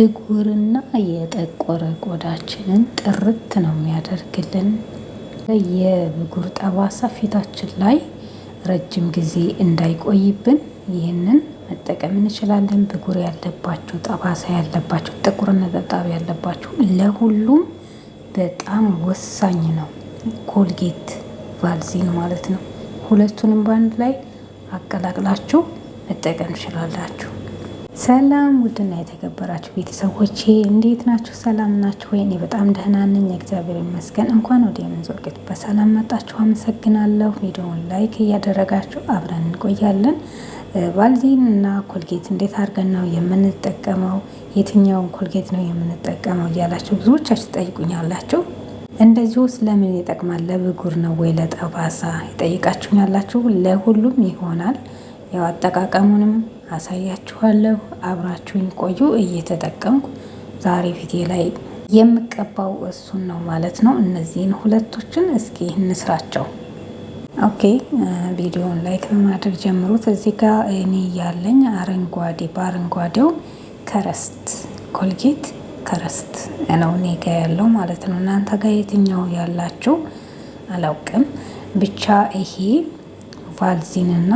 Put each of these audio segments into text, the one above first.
ብጉርና የጠቆረ ቆዳችንን ጥርት ነው የሚያደርግልን። የብጉር ጠባሳ ፊታችን ላይ ረጅም ጊዜ እንዳይቆይብን ይህንን መጠቀም እንችላለን። ብጉር ያለባችሁ፣ ጠባሳ ያለባችሁ፣ ጥቁር ነጠብጣብ ያለባችሁ ለሁሉም በጣም ወሳኝ ነው ኮልጌት ቫልዚን ማለት ነው። ሁለቱንም በአንድ ላይ አቀላቅላችሁ መጠቀም ትችላላችሁ። ሰላም ውድና የተከበራችሁ ቤተሰቦቼ እንዴት ናችሁ? ሰላም ናችሁ ወይ? እኔ በጣም ደህና ነኝ፣ እግዚአብሔር ይመስገን። እንኳን ወደ የምንዞር በሰላም መጣችሁ፣ አመሰግናለሁ። ቪዲዮውን ላይክ እያደረጋችሁ አብረን እንቆያለን። ቫዝሊን እና ኮልጌት እንዴት አድርገን ነው የምንጠቀመው? የትኛውን ኮልጌት ነው የምንጠቀመው እያላችሁ ብዙዎቻችሁ ጠይቁኛላችሁ። እንደዚሁ ስለምን ይጠቅማል? ለብጉር ነው ወይ ለጠባሳ ይጠይቃችሁኛላችሁ። ለሁሉም ይሆናል። ያው አጠቃቀሙንም አሳያችኋለሁ። አብራችሁኝ ቆዩ። እየተጠቀምኩ ዛሬ ፊቴ ላይ የምቀባው እሱን ነው ማለት ነው። እነዚህን ሁለቶችን እስኪ እንስራቸው። ኦኬ ቪዲዮውን ላይክ በማድረግ ጀምሩት። እዚህ ጋር እኔ ያለኝ አረንጓዴ በአረንጓዴው ከረስት ኮልጌት ከረስት ነው እኔ ጋ ያለው ማለት ነው። እናንተ ጋ የትኛው ያላችሁ አላውቅም። ብቻ ይሄ ቫልዚንና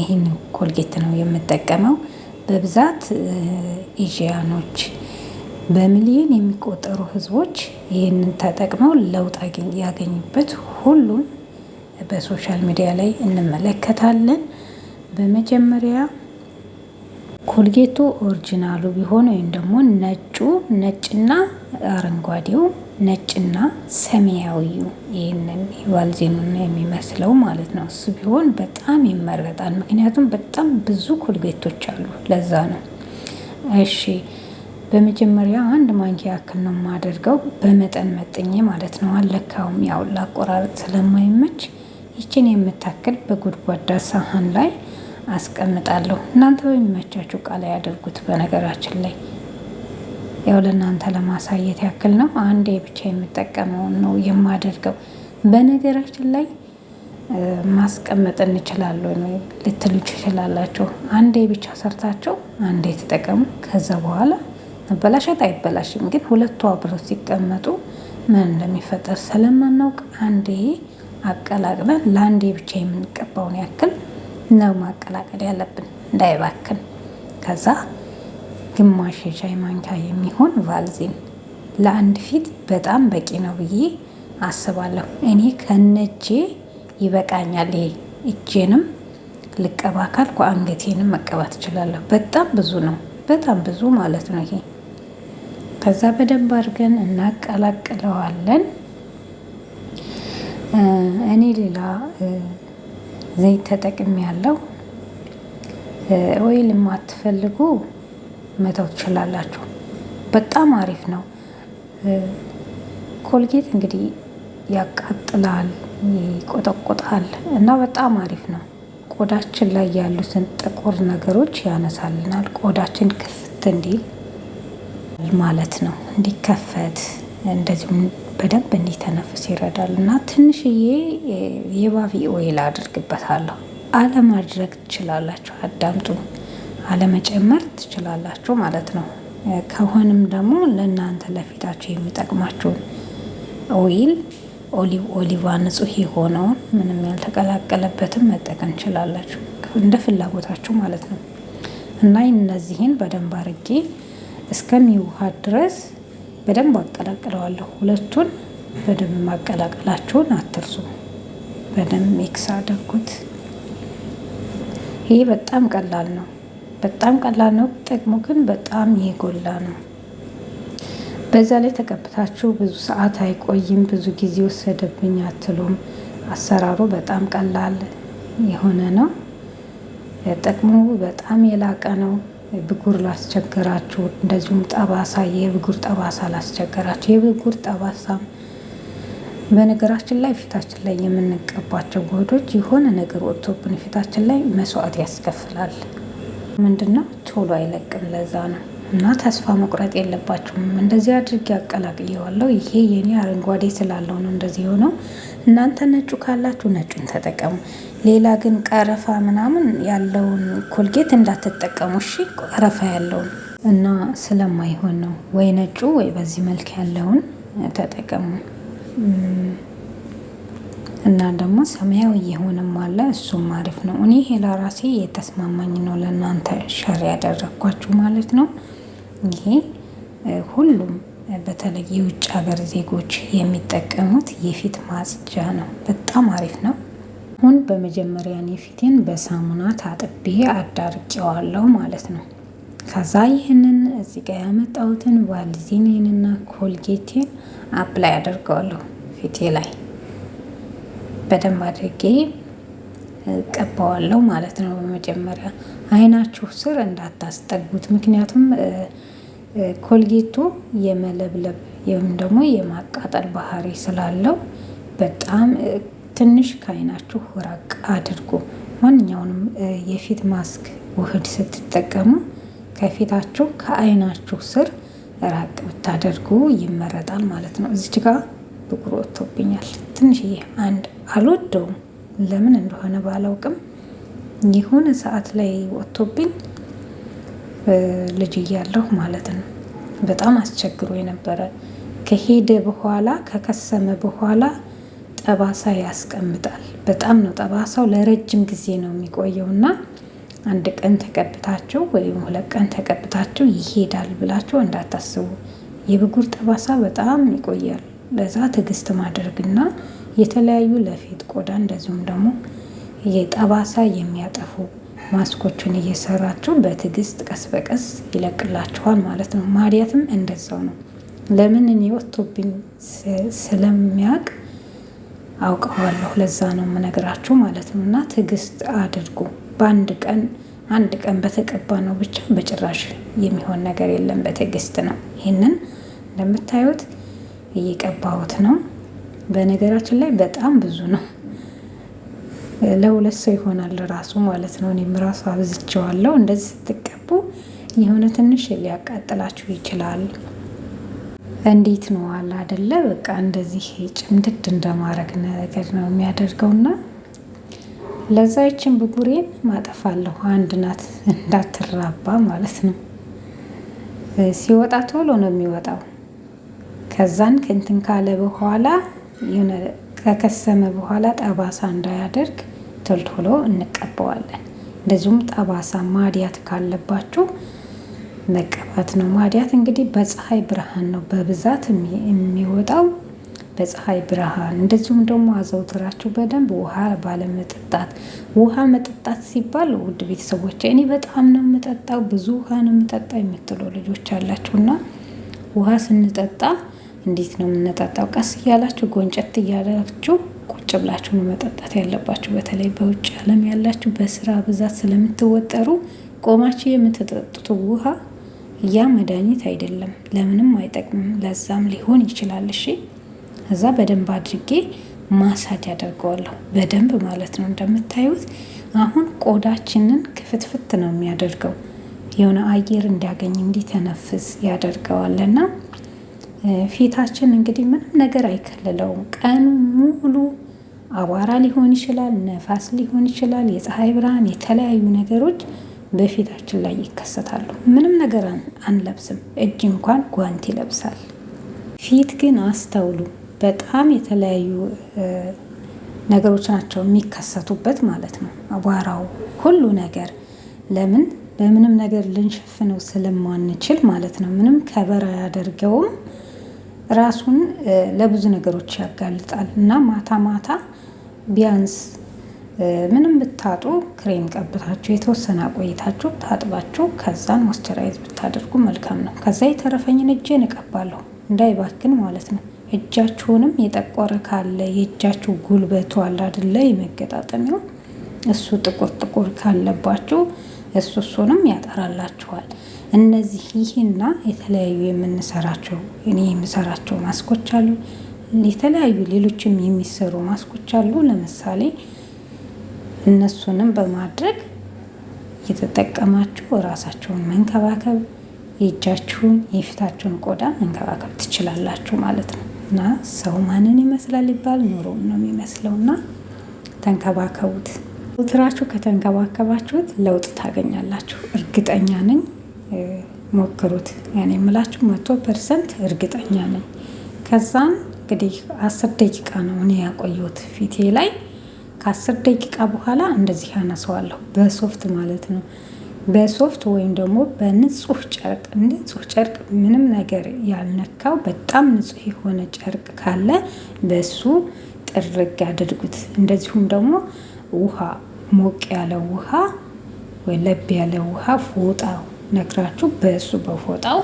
ይህን ኮልጌት ነው የምጠቀመው በብዛት ኢዥያኖች በሚሊዮን የሚቆጠሩ ህዝቦች ይህንን ተጠቅመው ለውጥ ያገኙበት ሁሉም በሶሻል ሚዲያ ላይ እንመለከታለን። በመጀመሪያ ኮልጌቱ ኦሪጂናሉ ቢሆን ወይም ደግሞ ነጩ ነጭና አረንጓዴው ነጭና ሰማያዊው ይህንን ቫዝሊኑን የሚመስለው ማለት ነው። እሱ ቢሆን በጣም ይመረጣል። ምክንያቱም በጣም ብዙ ኮልጌቶች አሉ። ለዛ ነው። እሺ በመጀመሪያ አንድ ማንኪያ ያክል ነው የማደርገው፣ በመጠን መጠኜ ማለት ነው። አለካውም ያው ላቆራረጥ ስለማይመች ይችን የምታክል በጎድጓዳ ሳህን ላይ አስቀምጣለሁ። እናንተ በሚመቻችሁ ቃላ ያደርጉት በነገራችን ላይ ያው ለእናንተ ለማሳየት ያክል ነው። አንዴ ብቻ የምጠቀመውን ነው የማደርገው። በነገራችን ላይ ማስቀመጥ እንችላለን ልትሉ ትችላላችሁ። አንዴ ብቻ ሰርታቸው አንዴ ተጠቀሙ። ከዛ በኋላ መበላሸት አይበላሽም። ግን ሁለቱ አብረው ሲቀመጡ ምን እንደሚፈጠር ስለማናውቅ አንዴ አቀላቅለን ለአንዴ ብቻ የምንቀባውን ያክል ነው ማቀላቀል ያለብን እንዳይባክን ከዛ ግማሽ የሻይ ማንኪያ የሚሆን ቫልዚን ለአንድ ፊት በጣም በቂ ነው ብዬ አስባለሁ። እኔ ከነጄ ይበቃኛል። ይሄ እጄንም ልቀባ ካልኩ አንገቴንም መቀባት እችላለሁ። በጣም ብዙ ነው፣ በጣም ብዙ ማለት ነው ይሄ። ከዛ በደንብ አድርገን እናቀላቅለዋለን። እኔ ሌላ ዘይት ተጠቅሜ ያለው ኦይል የማትፈልጉ መተው ትችላላችሁ። በጣም አሪፍ ነው። ኮልጌት እንግዲህ ያቃጥላል፣ ይቆጠቆጣል እና በጣም አሪፍ ነው። ቆዳችን ላይ ያሉትን ጥቁር ነገሮች ያነሳልናል። ቆዳችን ክፍት እንዲል ማለት ነው፣ እንዲከፈት እንደዚሁም በደንብ እንዲተነፍስ ይረዳል እና ትንሽዬ የባቢ ኦይል አድርግበታለሁ። አለማድረግ ትችላላችሁ። አዳምጡ። አለመጨመር ትችላላችሁ ማለት ነው። ከሆንም ደግሞ ለእናንተ ለፊታችሁ የሚጠቅማችሁን ኦይል ኦሊቭ ኦሊቫ ንጹህ የሆነውን ምንም ያልተቀላቀለበትም መጠቀም ትችላላችሁ እንደ ፍላጎታችሁ ማለት ነው። እና እነዚህን በደንብ አርጌ እስከሚዋሃድ ድረስ በደንብ አቀላቅለዋለሁ። ሁለቱን በደንብ ማቀላቀላችሁን አትርሱ። በደንብ ሚክስ አድርጉት። ይህ በጣም ቀላል ነው። በጣም ቀላል ነው። ጥቅሙ ግን በጣም የጎላ ነው። በዛ ላይ ተቀብታችሁ ብዙ ሰዓት አይቆይም፣ ብዙ ጊዜ ወሰደብኝ አትሉም። አሰራሩ በጣም ቀላል የሆነ ነው። ጥቅሙ በጣም የላቀ ነው። ብጉር ላስቸገራችሁ፣ እንደዚሁም ጠባሳ፣ የብጉር ጠባሳ ላስቸገራችሁ፣ የብጉር ጠባሳ በነገራችን ላይ ፊታችን ላይ የምንቀባቸው ጎዶች የሆነ ነገር ወጥቶብን ፊታችን ላይ መስዋዕት ያስከፍላል። ምንድነው ቶሎ አይለቅም። ለዛ ነው እና ተስፋ መቁረጥ የለባችሁም። እንደዚህ አድርጌ አቀላቅየዋለሁ። ይሄ የኔ አረንጓዴ ስላለው ነው እንደዚህ የሆነው። እናንተ ነጩ ካላችሁ ነጩን ተጠቀሙ። ሌላ ግን ቀረፋ ምናምን ያለውን ኮልጌት እንዳትጠቀሙ እሺ። ቀረፋ ያለውን እና ስለማይሆን ነው ወይ ነጩ ወይ በዚህ መልክ ያለውን ተጠቀሙ። እና ደግሞ ሰማያዊ የሆነም አለ። እሱም አሪፍ ነው። እኔ ይሄ ለራሴ የተስማማኝ ነው። ለእናንተ ሸር ያደረግኳችሁ ማለት ነው። ይሄ ሁሉም በተለይ የውጭ ሀገር ዜጎች የሚጠቀሙት የፊት ማጽጃ ነው። በጣም አሪፍ ነው። አሁን በመጀመሪያ እኔ ፊቴን በሳሙና ታጥቤ አዳርቄዋለሁ ማለት ነው። ከዛ ይህንን እዚህ ጋር ያመጣሁትን ቫልዚኔንና ኮልጌቴን አፕላይ አደርገዋለሁ ፊቴ ላይ በደንብ አድርጌ ቀባዋለሁ ማለት ነው። በመጀመሪያ አይናችሁ ስር እንዳታስጠጉት፣ ምክንያቱም ኮልጌቱ የመለብለብ ወይም ደግሞ የማቃጠል ባህሪ ስላለው በጣም ትንሽ ከአይናችሁ ራቅ አድርጉ። ማንኛውንም የፊት ማስክ ውህድ ስትጠቀሙ ከፊታችሁ ከአይናችሁ ስር ራቅ ብታደርጉ ይመረጣል ማለት ነው። እዚች ጋር ብጉር ወጥቶብኛል። ትንሽዬ አንድ አልወደውም፣ ለምን እንደሆነ ባላውቅም የሆነ ሰዓት ላይ ወጥቶብኝ ልጅ እያለሁ ማለት ነው። በጣም አስቸግሮ የነበረ ከሄደ በኋላ ከከሰመ በኋላ ጠባሳ ያስቀምጣል። በጣም ነው ጠባሳው፣ ለረጅም ጊዜ ነው የሚቆየው እና አንድ ቀን ተቀብታችሁ ወይም ሁለት ቀን ተቀብታችሁ ይሄዳል ብላችሁ እንዳታስቡ። የብጉር ጠባሳ በጣም ይቆያል። ለዛ ትዕግስት ማድረግና የተለያዩ ለፊት ቆዳ እንደዚሁም ደግሞ የጠባሳ የሚያጠፉ ማስኮችን እየሰራችሁ በትዕግስት ቀስ በቀስ ይለቅላችኋል ማለት ነው። ማዲያትም እንደዛው ነው። ለምን እኔ ወጥቶብኝ ስለሚያውቅ አውቀዋለሁ። ለዛ ነው የምነግራችሁ ማለት ነው። እና ትዕግስት አድርጉ። በአንድ ቀን አንድ ቀን በተቀባ ነው ብቻ በጭራሽ የሚሆን ነገር የለም። በትዕግስት ነው ይህንን እንደምታዩት እየቀባሁት ነው። በነገራችን ላይ በጣም ብዙ ነው። ለሁለት ሰው ይሆናል ራሱ ማለት ነው። እኔም ራሱ አብዝቸዋለሁ እንደዚህ ስትቀቡ የሆነ ትንሽ ሊያቃጥላችሁ ይችላል። እንዴት ነው አለ አደለ? በቃ እንደዚህ ጭምድድ እንደማድረግ ነገር ነው የሚያደርገው እና ለዛ ይችን ብጉሬን ማጠፋለሁ። አንድ ናት እንዳትራባ ማለት ነው። ሲወጣ ቶሎ ነው የሚወጣው። ከዛን ከእንትን ካለ በኋላ ከከሰመ በኋላ ጠባሳ እንዳያደርግ ቶልቶሎ እንቀባዋለን። እንደዚሁም ጠባሳ ማዲያት ካለባችሁ መቀባት ነው። ማዲያት እንግዲህ በፀሐይ ብርሃን ነው በብዛት የሚወጣው በፀሐይ ብርሃን። እንደዚሁም ደግሞ አዘውትራችሁ በደንብ ውሃ ባለመጠጣት። ውሃ መጠጣት ሲባል ውድ ቤተሰቦች፣ እኔ በጣም ነው የምጠጣው ብዙ ውሃ ነው የምጠጣ የምትለው ልጆች አላችሁና ውሃ ስንጠጣ እንዴት ነው የምንጠጣው? ቀስ እያላችሁ ጎንጨት እያላችሁ ቁጭ ብላችሁ ነው መጠጣት ያለባችሁ። በተለይ በውጭ ዓለም ያላችሁ በስራ ብዛት ስለምትወጠሩ ቆማችሁ የምትጠጡት ውሃ ያ መድኃኒት አይደለም፣ ለምንም አይጠቅምም። ለዛም ሊሆን ይችላል። እሺ፣ እዛ በደንብ አድርጌ ማሳጅ ያደርገዋለሁ በደንብ ማለት ነው። እንደምታዩት አሁን ቆዳችንን ክፍትፍት ነው የሚያደርገው። የሆነ አየር እንዲያገኝ እንዲተነፍስ ያደርገዋልና ፊታችን እንግዲህ ምንም ነገር አይከልለውም። ቀኑ ሙሉ አቧራ ሊሆን ይችላል፣ ነፋስ ሊሆን ይችላል፣ የፀሐይ ብርሃን፣ የተለያዩ ነገሮች በፊታችን ላይ ይከሰታሉ። ምንም ነገር አንለብስም። እጅ እንኳን ጓንት ይለብሳል። ፊት ግን አስተውሉ፣ በጣም የተለያዩ ነገሮች ናቸው የሚከሰቱበት ማለት ነው። አቧራው፣ ሁሉ ነገር ለምን በምንም ነገር ልንሸፍነው ስለማንችል ማለት ነው። ምንም ከበር አያደርገውም። ራሱን ለብዙ ነገሮች ያጋልጣል እና ማታ ማታ ቢያንስ ምንም ብታጡ ክሬም ቀብታችሁ የተወሰነ ቆይታችሁ ታጥባችሁ ከዛን ሞስቸራይዝ ብታደርጉ መልካም ነው። ከዛ የተረፈኝን እጄን እቀባለሁ እንዳይባክን ማለት ነው። እጃችሁንም የጠቆረ ካለ የእጃችሁ ጉልበቱ አለ አይደለ፣ የመገጣጠሚያው እሱ ጥቁር ጥቁር ካለባችሁ እሱ እሱንም ያጠራላችኋል። እነዚህ ይህና የተለያዩ የምንሰራቸው እኔ የምሰራቸው ማስኮች አሉ። የተለያዩ ሌሎችም የሚሰሩ ማስኮች አሉ። ለምሳሌ እነሱንም በማድረግ የተጠቀማችሁ እራሳችሁን መንከባከብ የእጃችሁን የፊታችሁን ቆዳ መንከባከብ ትችላላችሁ ማለት ነው። እና ሰው ማንን ይመስላል ይባል ኑሮውን ነው የሚመስለው። እና ተንከባከቡት። ዘውትራችሁ ከተንከባከባችሁት ለውጥ ታገኛላችሁ። እርግጠኛ ነኝ። ሞክሩት። ያኔ የምላችሁ መቶ ፐርሰንት እርግጠኛ ነኝ። ከዛን እንግዲህ አስር ደቂቃ ነው እኔ ያቆየሁት ፊቴ ላይ። ከአስር ደቂቃ በኋላ እንደዚህ ያነሰዋለሁ በሶፍት ማለት ነው። በሶፍት ወይም ደግሞ በንጹህ ጨርቅ ንጹህ ጨርቅ ምንም ነገር ያልነካው በጣም ንጹህ የሆነ ጨርቅ ካለ በሱ ጥርግ ያደርጉት እንደዚሁም ደግሞ ውሃ ሞቅ ያለ ውሃ ወይ ለብ ያለ ውሃ ፎጣ ነክራችሁ በእሱ በፎጣው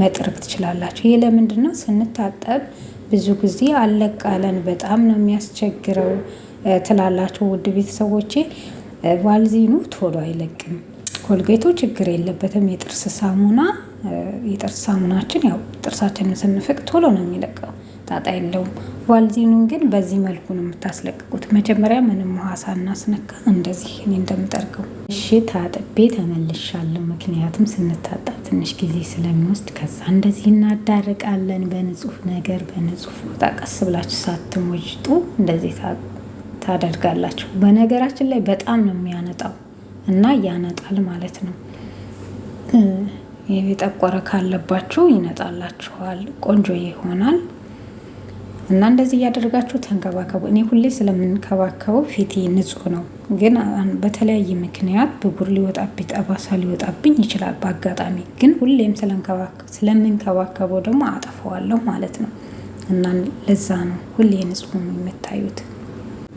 መጥረግ ትችላላችሁ። ይሄ ለምንድን ነው? ስንታጠብ ብዙ ጊዜ አለቃለን በጣም ነው የሚያስቸግረው ትላላችሁ ውድ ቤተሰቦቼ። ቫልዚኑ ቶሎ አይለቅም። ኮልጌቱ ችግር የለበትም። የጥርስ ሳሙና የጥርስ ሳሙናችን ያው ጥርሳችንን ስንፍቅ ቶሎ ነው የሚለቀው። ጣጣ የለውም። ዋልዚኑን ግን በዚህ መልኩ ነው የምታስለቅቁት። መጀመሪያ ምንም ውሃ ሳናስነካ እንደዚህ እኔ እንደምጠርገው እሺ። ታጥቤ ተመልሻለሁ። ምክንያቱም ስንታጣ ትንሽ ጊዜ ስለሚወስድ ከዛ እንደዚህ እናዳርቃለን። በንጹህ ነገር በንጹህ ቦታ ቀስ ብላችሁ ሳትሞጅጡ እንደዚህ ታደርጋላችሁ። በነገራችን ላይ በጣም ነው የሚያነጣው እና ያነጣል ማለት ነው። የጠቆረ ካለባችሁ ይነጣላችኋል። ቆንጆ ይሆናል። እና እንደዚህ እያደረጋችሁ ተንከባከቡ። እኔ ሁሌ ስለምንከባከበው ፊቴ ንጹህ ነው፣ ግን በተለያየ ምክንያት ብጉር ሊወጣብኝ ጠባሳ ሊወጣብኝ ይችላል በአጋጣሚ። ግን ሁሌም ስለምንከባከበው ደግሞ አጠፈዋለሁ ማለት ነው። እና ለዛ ነው ሁሌ ንጹህ ነው የምታዩት።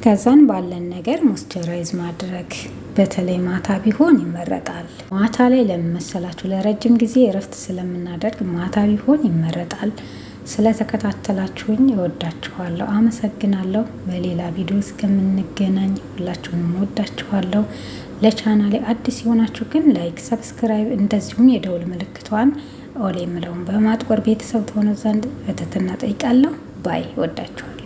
ከዛን ባለን ነገር ሞስቸራይዝ ማድረግ በተለይ ማታ ቢሆን ይመረጣል። ማታ ላይ ለምመሰላችሁ ለረጅም ጊዜ እረፍት ስለምናደርግ ማታ ቢሆን ይመረጣል። ስለተከታተላችሁኝ እወዳችኋለሁ፣ አመሰግናለሁ። በሌላ ቪዲዮ እስከምንገናኝ ሁላችሁንም እወዳችኋለሁ። ለቻናሌ አዲስ የሆናችሁ ግን ላይክ፣ ሰብስክራይብ እንደዚሁም የደውል ምልክቷን ኦል የምለውን በማጥቆር ቤተሰብ ተሆነ ዘንድ በትህትና ጠይቃለሁ። ባይ እወዳችኋለሁ።